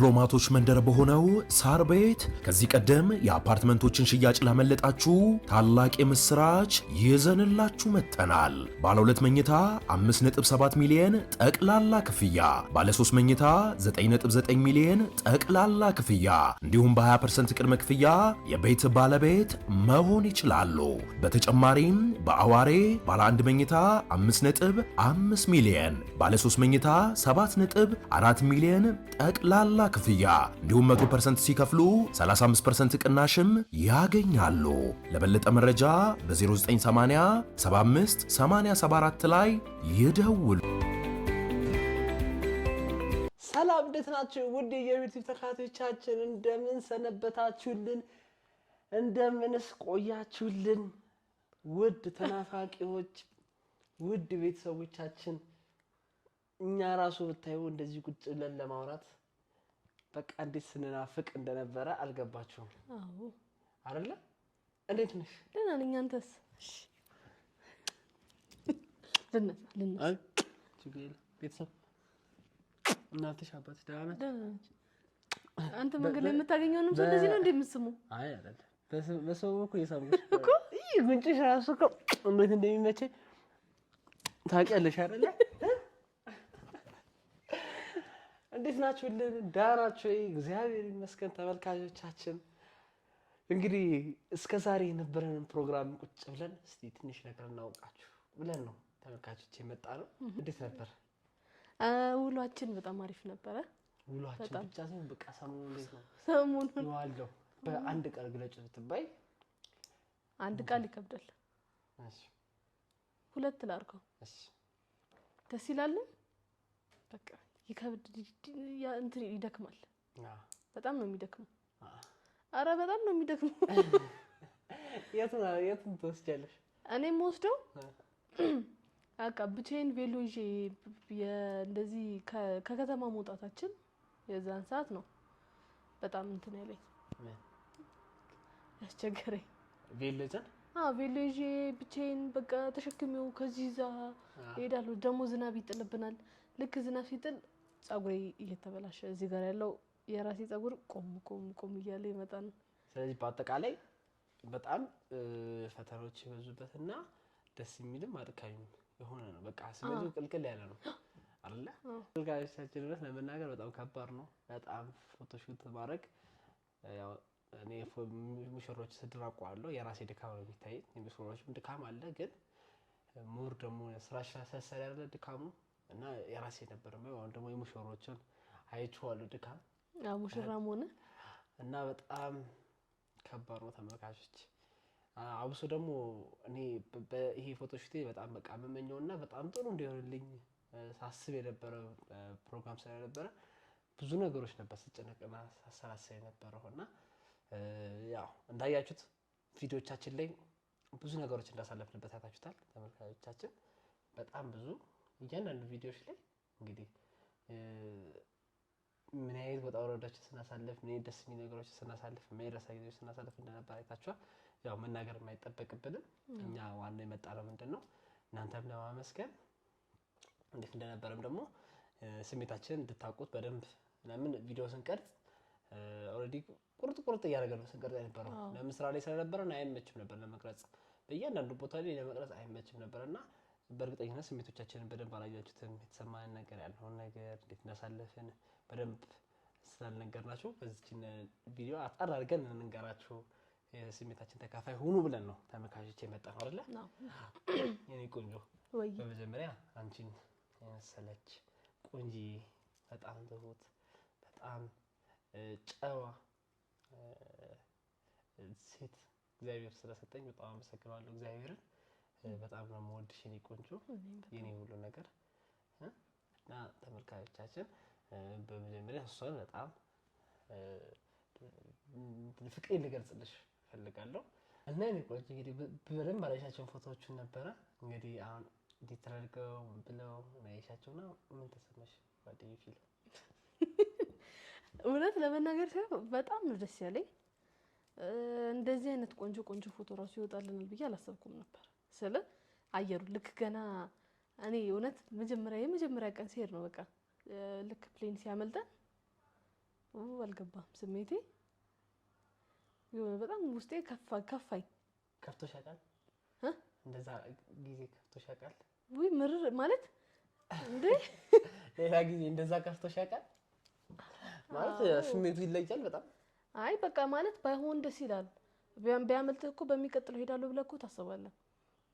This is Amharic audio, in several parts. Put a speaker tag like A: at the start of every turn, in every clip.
A: ዲፕሎማቶች መንደር በሆነው ሳር ቤት ከዚህ ቀደም የአፓርትመንቶችን ሽያጭ ላመለጣችሁ ታላቅ የምስራች ይዘንላችሁ መጥተናል። ባለ ሁለት መኝታ 5.7 ሚሊዮን ጠቅላላ ክፍያ፣ ባለ 3 መኝታ 9.9 ሚሊዮን ጠቅላላ ክፍያ እንዲሁም በ20% ቅድመ ክፍያ የቤት ባለቤት መሆን ይችላሉ። በተጨማሪም በአዋሬ ባለ አንድ መኝታ 5.5 ሚሊዮን፣ ባለ 3 መኝታ 7.4 ሚሊዮን ጠቅላላ ክፍያ እንዲሁም 100% ሲከፍሉ 35% ቅናሽም ያገኛሉ። ለበለጠ መረጃ በ0980 75 ላይ ይደውሉ።
B: ሰላም እንዴት ናችሁ? ውድ የዩቲዩብ ተከታታዮቻችን እንደምን ሰነበታችሁልን? እንደምንስ ቆያችሁልን? ውድ ተናፋቂዎች፣ ውድ ቤተሰቦቻችን እኛ ራሱ ብታዩ እንደዚህ ቁጭ ብለን ለማውራት በቃ እንዴት ስንናፍቅ እንደነበረ አልገባችሁም አይደለ? እንዴት ነሽ?
C: ደህና ነኝ። አንተስ?
B: ቤተሰብ እናትሽ፣ አባትሽ ደህና
C: ናቸው? አንተ መንገድ ላይ የምታገኘውንም ሰው እንደዚህ ነው እንዴ የምትስሙ?
B: አይ አይደለም፣ በሰው እኮ እየሳምኩሽ እኮ። ይህ ጉንጭሽ ራሱ እኮ እንዴት እንደሚመቸኝ ታውቂያለሽ አይደለ? እንዴት ናችሁልን? ዳናችሁ? እግዚአብሔር ይመስገን ተመልካቾቻችን። እንግዲህ እስከ ዛሬ የነበረንን ፕሮግራም ቁጭ ብለን እስቲ ትንሽ ነገር እናውቃችሁ ብለን ነው ተመልካቾች የመጣ ነው። እንዴት ነበር
C: ውሏችን? በጣም አሪፍ ነበረ
B: ውሏችን። ብቻ ሳይሆን በቃ እንዴት ነው በአንድ ቃል ግለጭ ብትባይ
C: አንድ ቃል ይከብዳል። ሁለት ላድርገው ደስ ይላለን በቃ ይከብድ ይደክማል። በጣም ነው የሚደክመው። አረ በጣም ነው የሚደክመው።
B: የቱን ትወስጃለሽ?
C: እኔ የምወስደው በቃ ብቻዬን ቬሎ ይዤ እንደዚህ ከከተማ መውጣታችን የዛን ሰዓት ነው በጣም እንትን ያለኝ ያስቸገረኝ። ቬሎ ቬሎ ይዤ ብቻዬን በቃ ተሸክሚው ከዚህ ይዛ እሄዳለሁ። ደግሞ ዝናብ ይጥልብናል። ልክ ዝናብ ሲጥል ጸጉሬ እየተበላሸ እዚህ ጋር ያለው የራሴ ጸጉር ቆም ቆም ቆም እያለ ይመጣል።
B: ስለዚህ በአጠቃላይ በጣም ፈተናዎች የበዙበት የበዙበትና ደስ የሚልም አድካሚም የሆነ ነው። በቃ ስሜቱ ቅልቅል ያለ ነው አለ ልጋቻችን ድረስ ለመናገር በጣም ከባድ ነው። በጣም ፎቶሹት ማድረግ እኔ ሙሽሮች ስድራቁ አለው የራሴ ድካም ነው የሚታይ ሙሽሮችም ድካም አለ ግን ሙር ደግሞ ስራ ሲያሰሪ ያለ ድካም ነው እና የራሴ ነበር ነው። አሁን ደግሞ የሙሽሮችን አይቼዋለሁ ድካም ሙሽራም ሆነ እና በጣም ከባድ ነው ተመልካቾች። አብሶ ደግሞ እኔ ይሄ ፎቶ ሽቴ በጣም በቃ መመኘው እና በጣም ጥሩ እንዲሆንልኝ ሳስብ የነበረ ፕሮግራም ስለነበረ ብዙ ነገሮች ነበር ስጨነቅና ሳሰላሰብ የነበረው እና ያው እንዳያችሁት ቪዲዮቻችን ላይ ብዙ ነገሮች እንዳሳለፍንበት አይታችሁታል ተመልካቾቻችን በጣም ብዙ እያንዳንዱ ቪዲዮዎች ላይ እንግዲህ ምን አይነት ወጣ ወረዶችን ስናሳልፍ ምን ደስ የሚል ነገሮችን ስናሳልፍ የማይረሳ ጊዜዎች ስናሳልፍ እንደነበር አይታችኋል። ያው መናገር የማይጠበቅብንም እኛ ዋናው የመጣ ነው ምንድን ነው እናንተም ለማመስገን እንዴት እንደነበረም ደግሞ ስሜታችንን እንድታውቁት በደንብ ለምን ቪዲዮ ስንቀርጽ ኦልሬዲ ቁርጥ ቁርጥ እያደረገ ነው ስንቀርጽ የነበረው ለምን ስራ ላይ ስለነበረ አይመችም ነበር ለመቅረጽ በእያንዳንዱ ቦታ ላይ ለመቅረጽ አይመችም ነበር እና በእርግጠኝነት ስሜቶቻችንን በደንብ አላያችሁትም። የተሰማንን ነገር ያለውን ነገር እንዴት እንዳሳለፍን በደንብ ስላልነገርናችሁ በዚችን ቪዲዮ አጠር አድርገን እንንገራችሁ። የስሜታችን ተካፋይ ሁኑ ብለን ነው ተመልካቾች የመጣ ነው አይደለ? የኔ ቆንጆ በመጀመሪያ አንቺን የመሰለች ቆንጂ በጣም ትሁት በጣም ጨዋ ሴት እግዚአብሔር ስለሰጠኝ በጣም አመሰግናለሁ እግዚአብሔርን በጣም ነው የምወድሽ የኔ ቆንጆ የኔ ሁሉ ነገር እና ተመልካቾቻችን በመጀመሪያ እሷን በጣም ፍቅሬ ልገልጽልሽ ፈልጋለሁ እና የኔ ቆንጆ እንግዲህ በደንብ አላየሻቸውን ፎቶዎቹን ነበረ እንግዲህ አሁን እንዴት ተደርገው ብለው አየሻቸው እና ምን ተሰማሽ? ጓደኛዬ ፊልም
C: እውነት ለመናገር ሲሆን በጣም ነው ደስ ያለኝ። እንደዚህ አይነት ቆንጆ ቆንጆ ፎቶ ራሱ ይወጣልናል ብዬ አላሰብኩም ነበር። ስል አየሩ ልክ ገና እኔ እውነት መጀመሪያ የመጀመሪያ ቀን ሲሄድ ነው በቃ ልክ ፕሌን ሲያመልጠን አልገባም ስሜቴ በጣም ውስጤ ከፋኝ።
B: ከፍቶሽ ያውቃል? እንደዛ ጊዜ ከፍቶሽ ያውቃል?
C: ውይ ምርር ማለት እንዴ!
B: ሌላ ጊዜ እንደዛ ከፍቶሽ ያውቃል? ማለት ስሜቱ ይለያል በጣም
C: አይ በቃ ማለት ባይሆን ደስ ይላል። ቢያመልጥህ እኮ በሚቀጥለው ሄዳለሁ ብለህ እኮ ታስባለህ።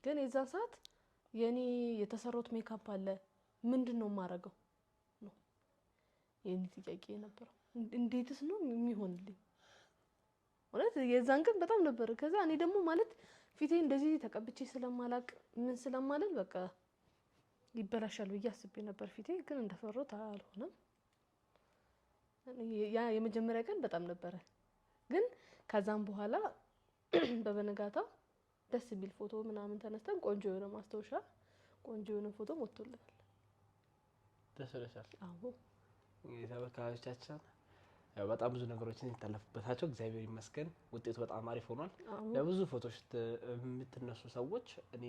C: ግን የዛ ሰዓት የኔ የተሰሩት ሜካፕ አለ ምንድን ነው የማደርገው ነው የኔ ጥያቄ የነበረው። እንዴትስ ነው የሚሆንልኝ? እውነት የዛን ግን በጣም ነበር። ከዛ እኔ ደግሞ ማለት ፊቴ እንደዚህ ተቀብቼ ስለማላቅ ምን ስለማለል በቃ ይበላሻል ብዬ አስቤ ነበር። ፊቴ ግን እንደፈራሁት አልሆነም። ያ የመጀመሪያ ቀን በጣም ነበረ። ግን ከዛም በኋላ በበነጋታው ደስ የሚል ፎቶ ምናምን ተነስተን ቆንጆ የሆነ ማስታወሻ ቆንጆ የሆነ ፎቶ ወጥቶልናል። ደስ አዎ
B: ተመልካቾቻችን በጣም ብዙ ነገሮችን የታለፉበታቸው እግዚአብሔር ይመስገን ውጤቱ በጣም አሪፍ ሆኗል። ለብዙ ፎቶች የምትነሱ ሰዎች እኔ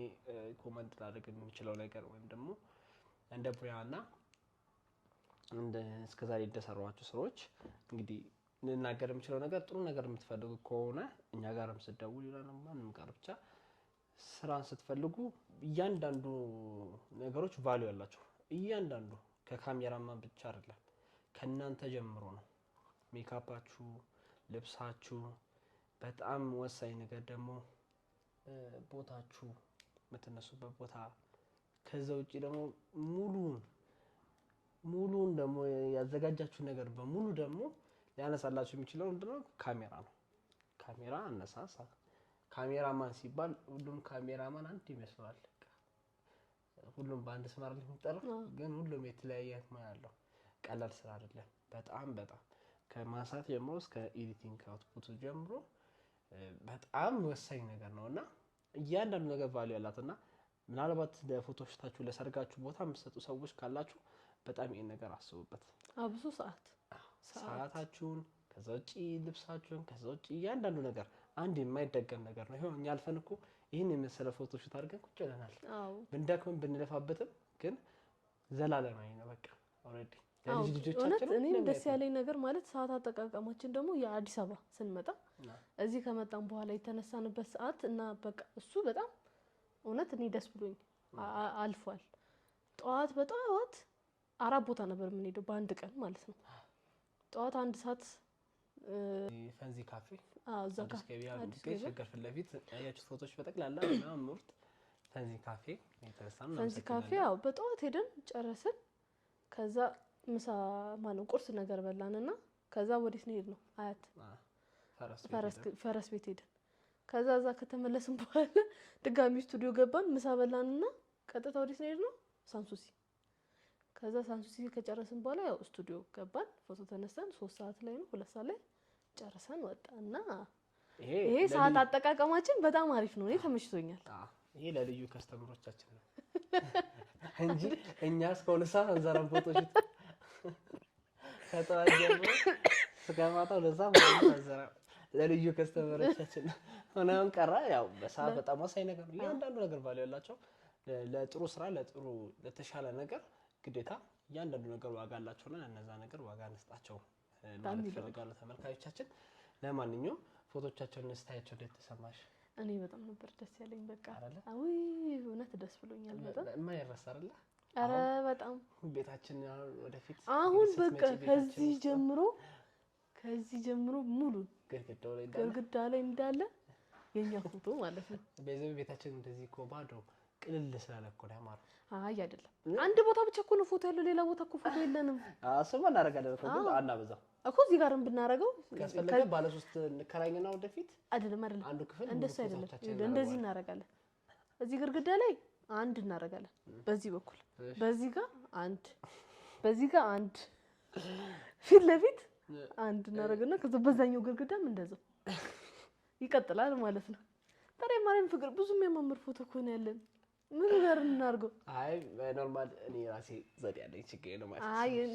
B: ኮመንት ላደርግ የሚችለው ነገር ወይም ደግሞ እንደ ሙያና እስከዛሬ እንደሰሯቸው ስራዎች እንግዲህ ልናገር የምችለው ነገር ጥሩ ነገር የምትፈልጉ ከሆነ እኛ ጋርም ስትደውሉ ይላል ማንም ጋር ብቻ ስራን ስትፈልጉ እያንዳንዱ ነገሮች ቫሉ ያላቸው እያንዳንዱ ከካሜራማን ብቻ አይደለም ከእናንተ ጀምሮ ነው። ሜካፓችሁ፣ ልብሳችሁ፣ በጣም ወሳኝ ነገር ደግሞ ቦታችሁ፣ የምትነሱበት ቦታ። ከዛ ውጭ ደግሞ ሙሉን ሙሉን ደግሞ ያዘጋጃችሁ ነገር በሙሉ ደግሞ ሊያነሳላቸው የሚችለው ምንድነው? ካሜራ ነው። ካሜራ አነሳሳ ካሜራማን ሲባል ሁሉም ካሜራማን አንድ ይመስለዋል። ሁሉም በአንድ ስም አይደል የሚጠራው፣ ግን ሁሉም የተለያየ ሙያ ያለው ቀላል ስራ አይደለም። በጣም በጣም ከማንሳት ጀምሮ እስከ ኤዲቲንግ አውትፑት ጀምሮ በጣም ወሳኝ ነገር ነው እና እያንዳንዱ ነገር ቫሉ ያላት እና ምናልባት ለፎቶ ሽታችሁ ለሰርጋችሁ ቦታ የምትሰጡ ሰዎች ካላችሁ በጣም ይህን ነገር አስቡበት። አብዙ ሰዓት ሰዓታችሁን፣ ከዛ ውጭ ልብሳችሁን፣ ከዛ ውጭ እያንዳንዱ ነገር አንድ የማይደገም ነገር ነው። ይኸው እኛ አልፈን እኮ ይህን የመሰለ ፎቶ ሹት አድርገን ቁጭ ብለናል። ብንደክምም ብንለፋበትም ግን ዘላለማዊ ነው በቃ
C: ኦልሬዲ እውነት እኔም ደስ ያለኝ ነገር ማለት ሰዓት አጠቃቀማችን ደግሞ የአዲስ አበባ ስንመጣ እዚህ ከመጣን በኋላ የተነሳንበት ሰዓት እና በቃ እሱ በጣም እውነት እኔ ደስ ብሎኝ አልፏል። ጠዋት በጠዋት አራት ቦታ ነበር የምንሄደው በአንድ ቀን ማለት ነው። ጠዋት አንድ ሰዓት ፈንዚ ካፌ እዛ ሸገር
B: ፊት ለፊት ያያችሁት ፎቶች በጠቅላላ ምርት ፈንዚ ካፌ የተነሳ
C: ፈንዚ ካፌ ያው በጠዋት ሄደን ጨረስን። ከዛ ምሳ ማነው ቁርስ ነገር በላን በላንና ከዛ ወዴት ነው ሄድ ነው አያት ፈረስ ቤት ሄደን ከዛ እዛ ከተመለስን በኋላ ድጋሚ ስቱዲዮ ገባን። ምሳ በላን በላንና ቀጥታ ወዴት ነው ሄድ ነው ሳንሱሲ ከዛ ሳንሱሲ ከጨረስን በኋላ ያው ስቱዲዮ ገባን። ፎቶ ተነስተን ሶስት ሰዓት ላይ ነው ሁለት ሰዓት ላይ ጨርሰን ወጣ እና ይሄ ሰዓት አጠቃቀማችን በጣም አሪፍ ነው። እኔ ተመችቶኛል።
B: ይሄ ለልዩ ከስተምሮቻችን ነው እንጂ እኛ እስከሆነ ሰዓት አንዘራም። ፎቶ ሽት ከጠዋት ጀምሮ እስከ ማታ ሁለት ሰዓት ለልዩ ከስተመሮቻችን ነው። ሆነ አሁን ያው በሰዓት በጣም ወሳኝ ነገር ነው። እያንዳንዱ ነገር ባለው ያላቸው ለጥሩ ስራ ለጥሩ ለተሻለ ነገር ግዴታ እያንዳንዱ ነገር ዋጋ አላቸውና እነዛ ነገር ዋጋ እንስጣቸው ማለት ይፈልጋሉ ተመልካዮቻችን ለማንኛውም ፎቶቻቸውን ስታያቸው እንዴት ተሰማሽ?
C: እኔ በጣም ነበር ደስ ያለኝ። በቃ አይ እውነት ደስ ብሎኛል። በጣም
B: የማይረሳ አይደለ?
C: አረ በጣም
B: ቤታችን ወደፊት
C: አሁን በቃ ከዚህ ጀምሮ ከዚህ ጀምሮ ሙሉ ግድግዳው ላይ እንዳለ የኛ ፎቶ ማለት ነው።
B: ቤታችን እንደዚህ ኮባዶ ቅልል ስላለኮ ነው ያማረው።
C: አይ አይደለም፣ አንድ ቦታ ብቻ እኮ ነው ፎቶ ያለው። ሌላ ቦታ እኮ ፎቶ የለንም።
B: እሱማ እናደርጋለን እኮ ግን አናበዛም
C: እኮ እዚህ ጋርም ብናደርገው
B: ያስፈልጋል። ባለ ሶስት እንከራይና ወደፊት አይደለም፣ አይደለም፣ አንዱ ክፍል
C: እንደሱ አይደለም። እንደዚህ እናደርጋለን። እዚህ ግድግዳ ላይ አንድ እናደርጋለን። በዚህ በኩል በዚህ ጋር አንድ፣ በዚህ ጋር አንድ፣ ፊት ለፊት አንድ እናደርግና ከዛ በዛኛው ግድግዳም እንደዛው ይቀጥላል ማለት ነው። ታዲያ ማርያም ፍቅር ብዙ የሚያማምር ፎቶ እኮ ያለን። ምን በር እናድርገው?
B: አይ እኔ ራሴ ዘዴ ያለኝ ችግር ነው
C: ማለት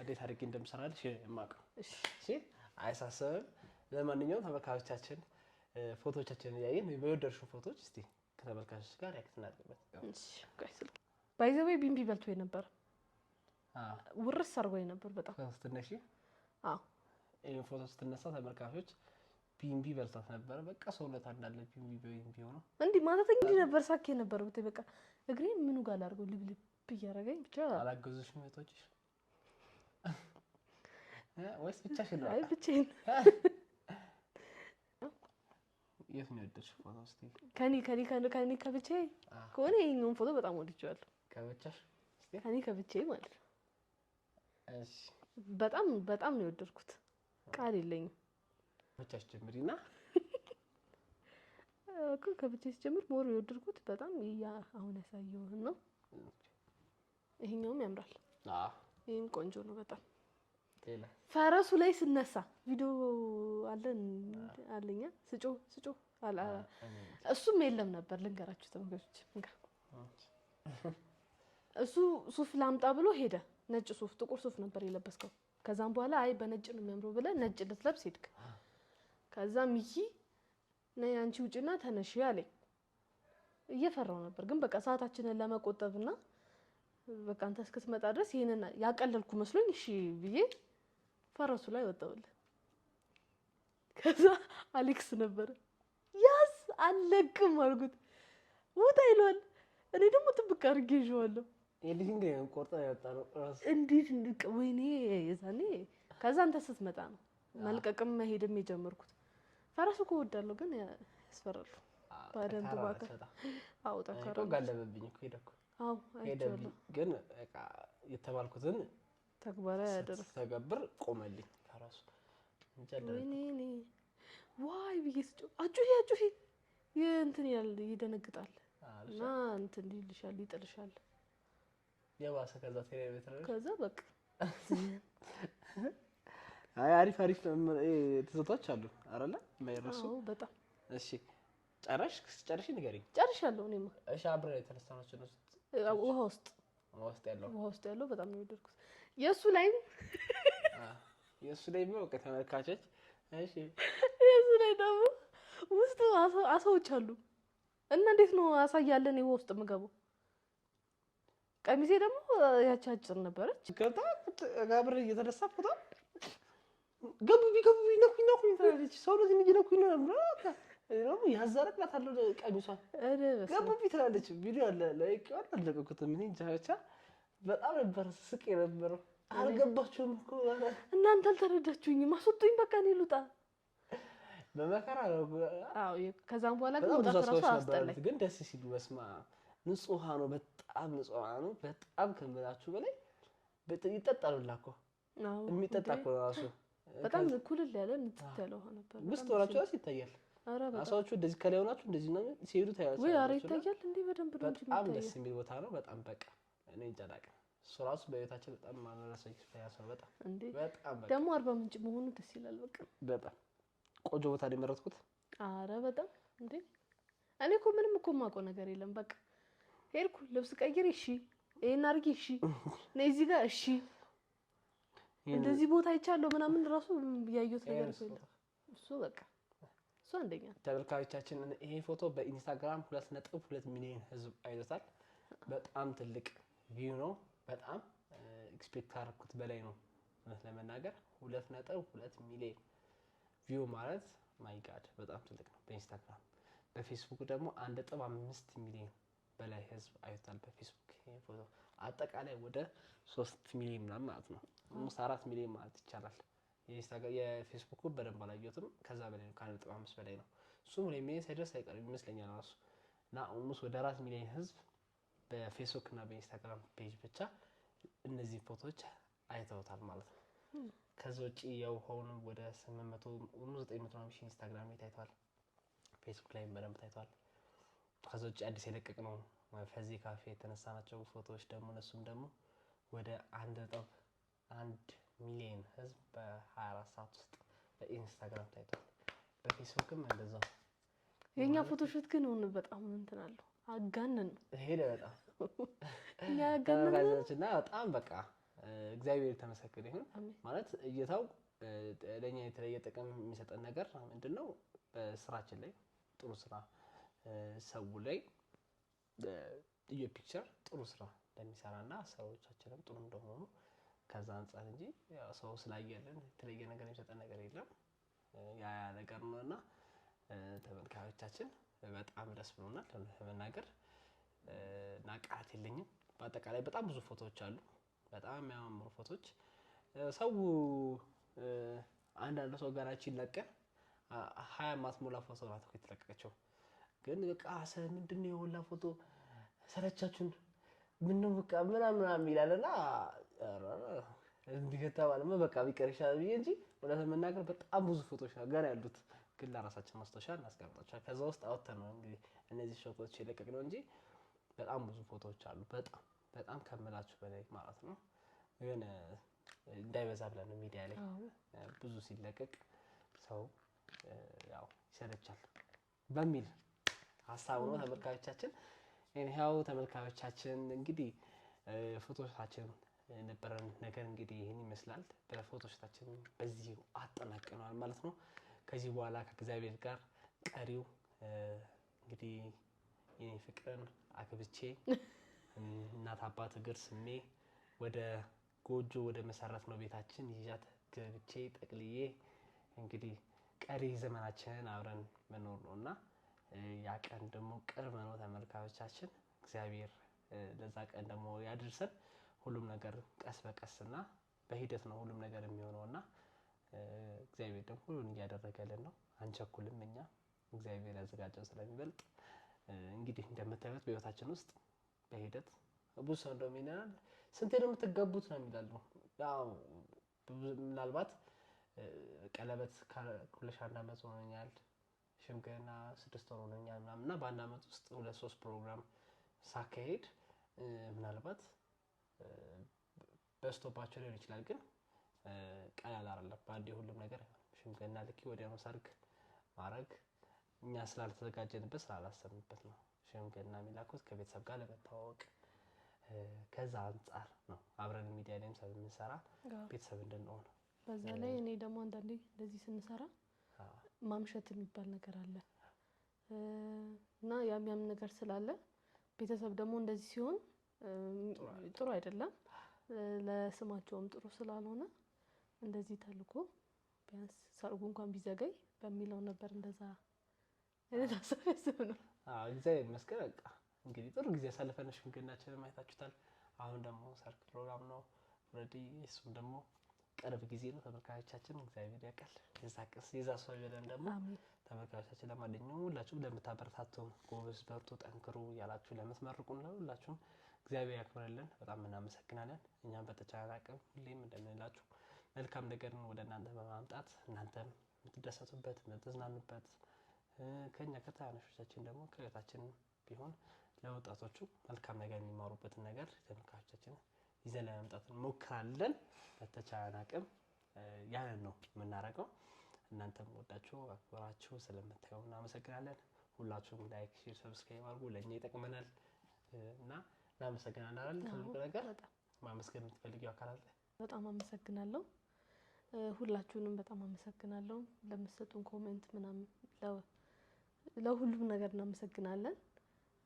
B: እንዴት አድርጌ እንደምሰራልሽ የማውቀው ለማንኛውም ተመልካቾቻችን ፎቶቻችን እያየን በወደድሽው ፎቶች እስቲ ከተመልካቾች ጋር ያክት
C: እናድርግበት። ባይ ዘ ወይ በልቶ ነበር፣ ውርስ አድርጎ ነበር።
B: በጣም ስትነሺ፣ ይህን ፎቶ ስትነሳ ተመልካቾች ቢምቢ በልታት ነበረ። በቃ ሰውነት ዕለት እንዳለ ቢምቢ ቢምቢ ሆነው
C: እንዲህ ማለት እንግዲህ ነበር ሳኬ ነበር ብታይ በቃ እግሬ ምኑ ጋር ላድርገው ልብልብ እያደረገኝ ብቻ
B: አላገዙሽ ምቶች ወይስ ብቻሽን ነው? አይ ብቻዬን። የት ነው የወደድሽው ፎቶ እስኪ?
C: ከኔ ከኔ ከኔ ከብቼ ከሆነ ይሄኛውን ፎቶ በጣም ወድጄዋለሁ። ከብቻሽ ከኔ ከብቼ ማለት ነው። እሺ በጣም በጣም ነው የወደድኩት። ቃል የለኝም።
B: ብቻሽ ጀምሪና
C: እኮ ከብቻሽ ሲጀምር ሞር የወደድኩት በጣም ያ አሁን ያሳየውን ነው። ይሄኛውም ያምራል። አዎ ቆንጆ ነው በጣም ፈረሱ ላይ ስነሳ ቪዲዮ አለን አለኛ ስጮ ስጮ እሱም የለም ነበር ልንገራችሁ ተመልካቾች እንካ እሱ ሱፍ ላምጣ ብሎ ሄደ ነጭ ሱፍ ጥቁር ሱፍ ነበር የለበስከው ከዛም በኋላ አይ በነጭ ነው የሚያምረው ብለህ ነጭ ልትለብስ ሄድክ ከዛ ሚኪ ነይ አንቺ ውጭና ተነሽ አለኝ። እየፈራው ነበር ግን በቃ ሰዓታችንን ለመቆጠብና በቃ አንተ እስክትመጣ ድረስ ይሄንን ያቀለልኩ መስሎኝ እሺ ብዬ ፈረሱ ላይ ወጣውል። ከዛ አሌክስ ነበር ያዝ አለቅም አልኩት ውጣ ይለዋል። እኔ ደግሞ ጥብቅ አድርጌ ይዤዋለሁ። እንዴት ወይኔ የዛኔ ከዛ አንተ ስትመጣ ነው መልቀቅም መሄድም የጀመርኩት ከራሱ እኮ እወዳለሁ ግን ያስፈራሉ። በደንብ አዎ ጠንካራ
B: ነው። ጋለበብኝ እኮ ሄደ አዎ ግን በቃ የተባልኩትን
C: ተግባራዊ ያደረኩት
B: ተገብር ቆመልኝ ፈረሱ።
C: ወይኔ ዋይ ብዬ አጩሂ አጩሂ እንትን ይደነግጣል እና እንትን ይልሻል፣ ይጥልሻል የባሰ ከዛ ከዛ በቃ
B: አይ አሪፍ አሪፍ ትዝታዎች አሉ አይደለ?
C: የማይረሱ በጣም
B: እሺ። ጨረሽ ጨርሽ ንገሪኝ።
C: ጨርሻለሁ። እኔማ
B: እሺ። አብረን የተነሳናቸው
C: ውሃ ውስጥ ውሃ ውስጥ ያለው በጣም ነው የወደድኩት። የእሱ ላይም
B: የእሱ ላይ በቃ ተመልካቾች፣ እሺ፣
C: የእሱ ላይ ደግሞ ውስጥ አሳዎች አሉ እና እንዴት ነው አሳ እያለ ውሃ ውስጥ የምገባው? ቀሚሴ ደግሞ ያቺ አጭር ነበረች።
B: ገብታ ጋብር እየተነሳ ገቡቢ ገቡቢ ነኩኝ ነኩኝ ትላለች። ሰውነት እየነኩኝ ነው ምራታ ደግሞ ያዛረቅላታለሁ ቀሚሷን ገቡቢ ትላለች። ቪዲዮ አለ ለይቀዋል አለቀኩትም። ምን እንጃ ብቻ በጣም ነበር ስቅ የነበረው። አልገባችሁም እኮ
C: እናንተ አልተረዳችሁኝም። አስወጡኝ በቃ እኔ ልውጣ በመከራ ከዛም በኋላ
B: ግን መውጣት ራሱ አስጠላኝ። ግን ደስ ሲሉ በስማ ንጹሃ ነው በጣም ንጹሃ ነው በጣም ከምላችሁ በላይ ይጠጣሉላ እኮ የሚጠጣ እኮ ራሱ
C: በጣም ኩልል ያለ ምትት ያለ ውሃ ነበር።
B: ውስጥ ሆናችሁ ራሱ ይታያል። አሳዎቹ እንደዚህ ከላይ ሆናችሁ እንደዚህ ነው ሲሄዱ ታያላችሁ።
C: ወይ አረ ይታያል እንዴ! በደንብ ነው
B: እንጂ በጣም ደስ የሚል ቦታ ነው። በጣም በቃ እኔ እንጨላቅ እሱ ራሱ በቤታችን በጣም ማነረሰኝ ያሰ በጣም እንዴ! በጣም በቃ
C: ደግሞ አርባ ምንጭ መሆኑ ደስ ይላል። በቃ
B: በጣም ቆንጆ ቦታ ነው የመረጥኩት።
C: አረ በጣም እንዴ! እኔ እኮ ምንም እኮ የማውቀው ነገር የለም። በቃ ሄድኩ ልብስ ቀይር፣ እሺ፣ ይሄን አድርጊ እሺ፣ እኔ እዚህ ጋር እሺ እንደዚህ ቦታ ይቻለው ምናምን ራሱ ያየሁት ነገር እሱ በቃ እሱ አንደኛ።
B: ተመልካቾቻችን ይሄ ፎቶ በኢንስታግራም ሁለት ነጥብ ሁለት ሚሊዮን ህዝብ አይቶታል። በጣም ትልቅ ቪው ነው። በጣም ኤክስፔክት ካደረኩት በላይ ነው። እውነት ለመናገር ሁለት ነጥብ ሁለት ሚሊዮን ቪው ማለት ማይጋድ በጣም ትልቅ ነው። በኢንስታግራም በፌስቡክ ደግሞ አንድ ነጥብ አምስት ሚሊዮን በላይ ህዝብ አይቶታል። በፌስቡክ ፎቶ አጠቃላይ ወደ ሶስት ሚሊዮን ምናምን ማለት ነው። ኦልሞስት አራት ሚሊዮን ማለት ይቻላል። የፌስቡክ በደንብ አላየሁትም። ከዛ በላይ ነው፣ ከአንድ ነጥብ አምስት በላይ ነው። እሱም ሁለት ሚሊዮን ሳይደርስ አይቀርም ይመስለኛል ራሱ እና ኦልሞስት ወደ አራት ሚሊዮን ህዝብ በፌስቡክ እና በኢንስታግራም ፔጅ ብቻ እነዚህ ፎቶዎች አይተውታል ማለት ነው። ከዚ ውጭ የውሃውን ወደ ስምንት መቶ ዘጠኝ መቶ ሺህ ኢንስታግራም ላይ ታይተዋል። ፌስቡክ ላይም በደንብ ታይተዋል። ከዚ ውጭ አዲስ የለቀቅ ነው ፈዚ ካፌ የተነሳ ናቸው ፎቶዎች ደግሞ እነሱም ደግሞ ወደ አንድ ነጥብ አንድ ሚሊዮን ህዝብ በ24 ሰዓት ውስጥ በኢንስታግራም ታይቷል። በፌስቡክም እንደዛው።
C: የእኛ ፎቶሾት ግን ሆነ በጣም እንትን አለው አጋንን ሄደ። በጣም ያጋንንና
B: በጣም በቃ እግዚአብሔር የተመሰገነ ይሁን ማለት እይታው ለእኛ የተለየ ጥቅም የሚሰጠን ነገር ምንድን ነው? በስራችን ላይ ጥሩ ስራ ሰው ላይ የፒክቸር ጥሩ ስራ እንደሚሰራና ሰዎቻችንም ጥሩ እንደሆኑ ከዛ አንጻር እንጂ ሰው ስላየልን የተለየ ነገር የሚሰጠን ነገር የለም። ያ ነገር ነው እና ተመልካቾቻችን በጣም ደስ ብሎናል ለመናገር እና ቃላት የለኝም። በአጠቃላይ በጣም ብዙ ፎቶዎች አሉ፣ በጣም የሚያማምሩ ፎቶዎች። ሰው አንዳንድ ሰው ጋራችን ለቀን ሀያ ማትሞላ ፎቶ ናት እኮ የተለቀቀችው። ግን በቃ ምንድን ነው የሞላ ፎቶ ሰለቻችን ምነው በቃ ምናምን ምናምን ይላል እና እንዲህ ከተባለማ በቃ ቢቀር ይሻላል ብዬ እንጂ እውነት ለመናገር በጣም ብዙ ፎቶሻ ጋር ያሉት ግን ለራሳችን ማስታወሻ እናስቀምጣቸዋለን። ከዛ ውስጥ አውጥተን ነው እንግዲህ እነዚህ ሾቶች የለቀቅ ነው እንጂ በጣም ብዙ ፎቶዎች አሉ። በጣም በጣም ከምላችሁ በላይ ማለት ነው። ግን እንዳይበዛ ብለን ሚዲያ ላይ ብዙ ሲለቀቅ ሰው ያው ይሰለቻል በሚል ሀሳብ ነው ተመልካቾቻችን። ይኸው ተመልካቾቻችን እንግዲህ ፎቶዎቻችን የነበረን ነገር እንግዲህ ይህን ይመስላል። በፎቶሽታችን በዚህ አጠናቀነዋል ማለት ነው። ከዚህ በኋላ ከእግዚአብሔር ጋር ቀሪው እንግዲህ የኔ ፍቅርን አክብቼ እናት አባት እግር ስሜ ወደ ጎጆ ወደ መሰረት ነው ቤታችን ይዣት ገብቼ ጠቅልዬ እንግዲህ ቀሪ ዘመናችንን አብረን መኖር ነው እና ያ ቀን ደግሞ ቅርብ ነው ተመልካቾቻችን። እግዚአብሔር ለዛ ቀን ደግሞ ያድርሰን። ሁሉም ነገር ቀስ በቀስ እና በሂደት ነው ሁሉም ነገር የሚሆነው እና እግዚአብሔር ደግሞ ሁሉን እያደረገልን ነው። አንቸኩልም። እኛ እግዚአብሔር ያዘጋጀው ስለሚበልጥ እንግዲህ እንደምታዩት በህይወታችን ውስጥ በሂደት ብዙ ሰው እንደውም ይለናል፣ ስንቴ ነው የምትጋቡት ነው የሚላሉ። ምናልባት ቀለበት ሁለት ሺህ አንድ ዓመት ሆኖኛል፣ ሽምግልና ስድስት ወር ሆኖኛል ምናምን እና በአንድ አመት ውስጥ ሁለት ሶስት ፕሮግራም ሳካሄድ ምናልባት በስቶባቸው ሊሆን ይችላል። ግን ቀላል አይደለም። በአንዴ ሁሉም ነገር ሽምግልና ልኬ ወዲያ ሰርግ ማድረግ እኛ ስላልተዘጋጀንበት ስላላሰብንበት ነው። ሽምግልና የሚላኩት ከቤተሰብ ጋር ለመታወቅ ከዛ አንጻር ነው። አብረን ሚዲያ ላይም ስለምንሰራ ቤተሰብ እንድንሆን
C: በዛ ላይ እኔ ደግሞ አንዳንዴ እንደዚህ ስንሰራ ማምሸት የሚባል ነገር አለ እና ያም ያም ነገር ስላለ ቤተሰብ ደግሞ እንደዚህ ሲሆን ጥሩ አይደለም፣ ለስማቸውም ጥሩ ስላልሆነ እንደዚህ ተልኮ ቢያንስ ሰርጉ እንኳን ቢዘገይ በሚለው ነበር። እንደዛ ታሰበስብ ነው።
B: እግዚአብሔር ይመስገን። በቃ እንግዲህ ጥሩ ጊዜ አሳልፈን ሽምግልናችንን ማየታችሁታል። አሁን ደግሞ ሰርግ ፕሮግራም ነው ረዲ እሱም ደግሞ ቅርብ ጊዜ ነው። ተመልካቾቻችን እግዚአብሔር ያውቃል። የዛ ቅስ የዛ ሰው ይበለን ደግሞ ተመልካቾቻችን። ለማንኛውም ሁላችሁም ለምታበረታቱን ጎበዝ፣ በርቱ፣ ጠንክሩ ያላችሁ ለምትመርቁን ሁላችሁም እግዚአብሔር ያክብርልን። በጣም እናመሰግናለን። እኛም በተቻለን አቅም ሁሌም እንደምንላችሁ መልካም ነገርን ወደ እናንተ በማምጣት እናንተም የምትደሰቱበት የምትዝናኑበት ከኛ ከተናናሾቻችን ደግሞ ከቤታችን ቢሆን ለወጣቶቹ መልካም ነገር የሚማሩበትን ነገር ተመልካቾቻችን ይዘን ለመምጣት እንሞክራለን። በተቻለን አቅም ያንን ነው የምናደርገው። እናንተም ወዳችሁ አክብራችሁ ስለምታየው እናመሰግናለን። ሁላችሁም ላይክ፣ ሼር፣ ሰብስክራይብ አድርጉ። ለእኛ ይጠቅመናል እና እናመሰግናለን። ከሁሉ ነገር ማመስገን የምትፈልጊው አካል አለ?
C: በጣም አመሰግናለሁ። ሁላችሁንም በጣም አመሰግናለሁ ለምትሰጡን ኮሜንት ምናምን፣ ለሁሉም ነገር እናመሰግናለን።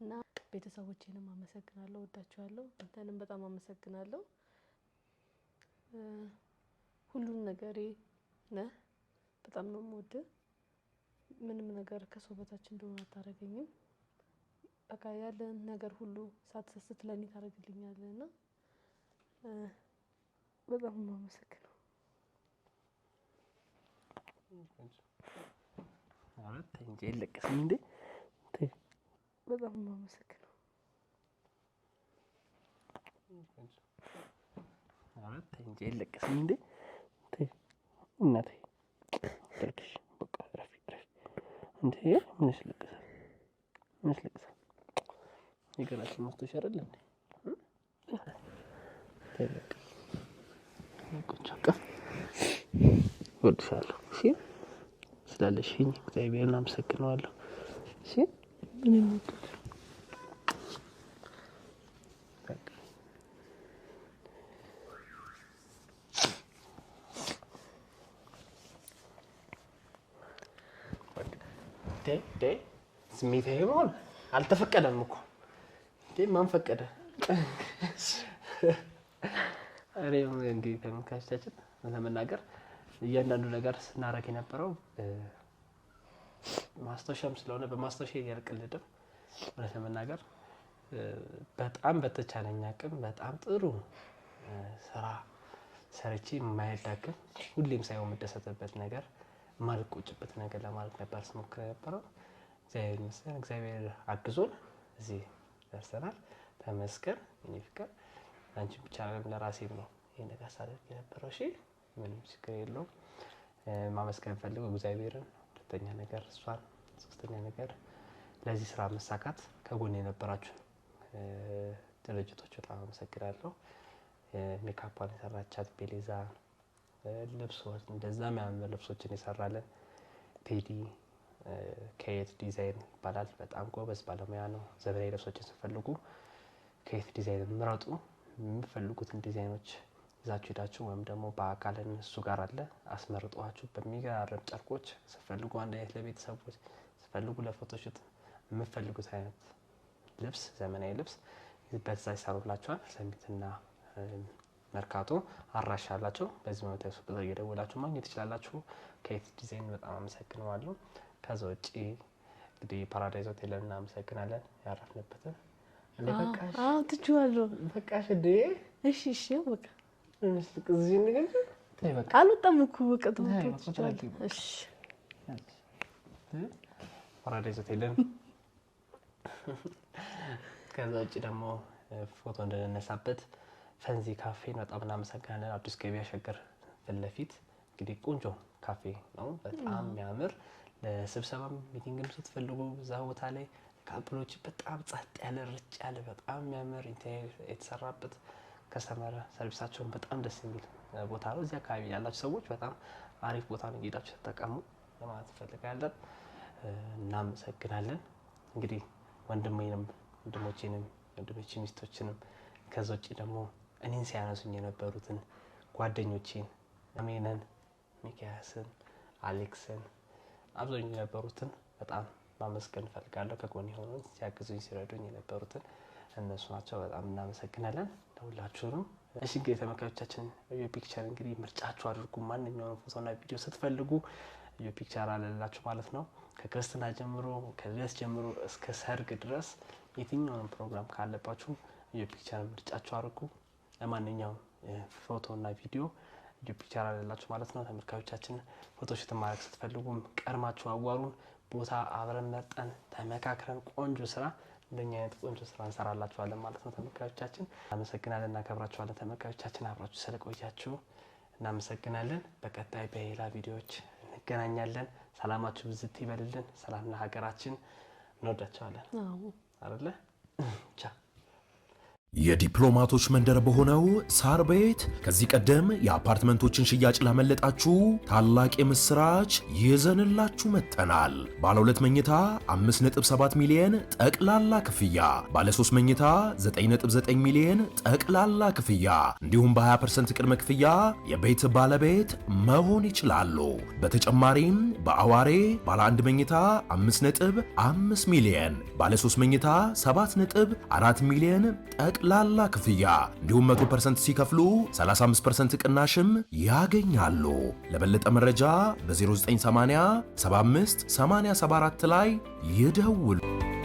C: እና ቤተሰቦቼንም አመሰግናለሁ፣ ወዳችኋለሁ። አንተንም በጣም አመሰግናለሁ። ሁሉን ነገሬ ነህ። በጣም ነው የምወድህ። ምንም ነገር ከሰው በታች እንደሆነ አታደርገኝም። በቃ ያለን ነገር ሁሉ ሳትሰስት ለእኔ ታደርግልኛለህ እና በጣም ነው የማመሰግነው።
B: አራት እንጂ የለቀስም እንዴ
C: በጣም ነው የማመሰግነው።
B: ወድሻለሁ። እሺ ስላለሽኝ እግዚአብሔርን አመሰግነዋለሁ። እሺ ስሜት መሆን አልተፈቀደም እኮ እንዴ! ማን ፈቀደ? እንዴ ተመልካቾቻችን ለመናገር እያንዳንዱ ነገር ስናረግ የነበረው ማስታወሻም ስለሆነ በማስታወሻ ያልቀልድም እውነት ለመናገር በጣም በተቻለኝ አቅም በጣም ጥሩ ስራ ሰርቼ የማያዳግም ሁሌም ሳይሆን የምደሰትበት ነገር ማልቆጭበት ነገር ለማለት ነበር ስሞክር ነበረው። እግዚአብሔር ይመስገን፣ እግዚአብሔር አግዞን እዚህ ደርሰናል። ተመስገን የእኔ ፍቅር። አንቺ ብቻ ለም ለራሴም ነው ይህ ነገር ሳደርግ የነበረው። እሺ ምንም ችግር የለውም። ማመስገን ፈልገው እግዚአብሔርን፣ ሁለተኛ ነገር እሷን ሶስተኛ ነገር ለዚህ ስራ መሳካት ከጎን የነበራችሁ ድርጅቶች በጣም አመሰግናለሁ። ሜካፓን የሰራቻት ቤሌዛ፣ ልብሶ እንደዛ የሚያምር ልብሶችን የሰራለን ቴዲ ከየት ዲዛይን ይባላል። በጣም ጎበዝ ባለሙያ ነው። ዘመናዊ ልብሶችን ስፈልጉ ከየት ዲዛይን ምረጡ። የምፈልጉትን ዲዛይኖች ይዛችሁ ሄዳችሁ ወይም ደግሞ በአካልን እሱ ጋር አለ አስመርጠኋችሁ በሚገራረም ጨርቆች ስፈልጉ አንድ አይነት ለቤተሰቦች ስትፈልጉ ለፎቶሹት የምትፈልጉት አይነት ልብስ ዘመናዊ ልብስ በዛ ይሰሩላቸዋል። ሰንቢትና መርካቶ አራሽ አላቸው። በዚህ መመታ ሱ ቁጥር እየደወላችሁ ማግኘት ይችላላችሁ። ከየት ዲዛይን በጣም አመሰግነዋለሁ። ከዛ ውጭ እንግዲህ ፓራዳይዝ ሆቴልን እናመሰግናለን። ያረፍንበትን ትችዋለሁ። በቃሽ እንዴ?
C: እሺ፣ እሺ። በቃ እዚህ እንገ አልወጣም እኮ በቃ
B: ፓራዳይዝ ሆቴልን ከዛ ውጭ ደግሞ ፎቶ እንድንነሳበት ፈንዚ ካፌን በጣም እናመሰግናለን። አዲስ ገቢያ ሸገር ፊት ለፊት እንግዲህ ቆንጆ ካፌ ነው፣ በጣም የሚያምር ለስብሰባም ሚቲንግም ስትፈልጉ እዛ ቦታ ላይ ከአፕሎች በጣም ጸጥ ያለ ርጭ ያለ በጣም የሚያምር የተሰራበት ከሰመረ ሰርቪሳቸውን በጣም ደስ የሚል ቦታ ነው። እዚህ አካባቢ ያላችሁ ሰዎች በጣም አሪፍ ቦታ ነው፣ ጌጣችሁ ተጠቀሙ ለማለት እንፈልጋለን። እናመሰግናለን። እንግዲህ ወንድሜንም ወንድሞቼንም ወንድሞቼ ሚስቶችንም ከዛ ውጭ ደግሞ እኔን ሲያነሱኝ የነበሩትን ጓደኞቼን አሜነን፣ ሚኪያስን፣ አሌክስን አብዛኞቹ የነበሩትን በጣም ማመስገን እፈልጋለሁ። ከጎን የሆኑ ሲያግዙኝ ሲረዱኝ የነበሩትን እነሱ ናቸው። በጣም እናመሰግናለን ለሁላችሁንም። እሺ እንግዲህ ተመልካቾቻችን ዮ ፒክቸር እንግዲህ ምርጫችሁ አድርጉ። ማንኛውንም ፎቶና ቪዲዮ ስትፈልጉ ዮ ፒክቸር አለላችሁ ማለት ነው። ከክርስትና ጀምሮ ከልደት ጀምሮ እስከ ሰርግ ድረስ የትኛውንም ፕሮግራም ካለባችሁ ፒክቸር ምርጫችሁ አድርጉ። ለማንኛውም ፎቶ ቪዲዮ ፒክቸር አለላችሁ ማለት ነው። ተመልካቾቻችን ፎቶሽት ማድረግ ስትፈልጉም ቀድማችሁ አዋሩን ቦታ አብረን መርጠን ተመካክረን ቆንጆ ስራ እንደኛ አይነት ቆንጆ ስራ እንሰራላችኋለን ማለት ነው። ተመልካቾቻችን አመሰግናለን፣ እናከብራችኋለን። ተመልካቾቻችን አብራችሁ ስለቆያችሁ እናመሰግናለን። በቀጣይ በሌላ ቪዲዮዎች እንገናኛለን። ሰላማችሁ ብዝት ይበልልን። ሰላምና ለሀገራችን። እንወዳቸዋለን። አደለ ቻ
A: የዲፕሎማቶች መንደር በሆነው ሳር ቤት ከዚህ ቀደም የአፓርትመንቶችን ሽያጭ ላመለጣችሁ ታላቅ የምስራች ይዘንላችሁ መጥተናል። ባለ ሁለት መኝታ 5.7 ሚሊዮን ጠቅላላ ክፍያ፣ ባለ 3 መኝታ 9.9 ሚሊዮን ጠቅላላ ክፍያ እንዲሁም በ20% ቅድመ ክፍያ የቤት ባለቤት መሆን ይችላሉ። በተጨማሪም በአዋሬ ባለ 1 መኝታ 5.5 ሚሊዮን፣ ባለ 3 መኝታ 7.4 ሚሊዮን ጠቅ ጠቅላላ ክፍያ እንዲሁም 100% ሲከፍሉ 35% ቅናሽም ያገኛሉ። ለበለጠ መረጃ በ0980 75 ላይ ይደውሉ።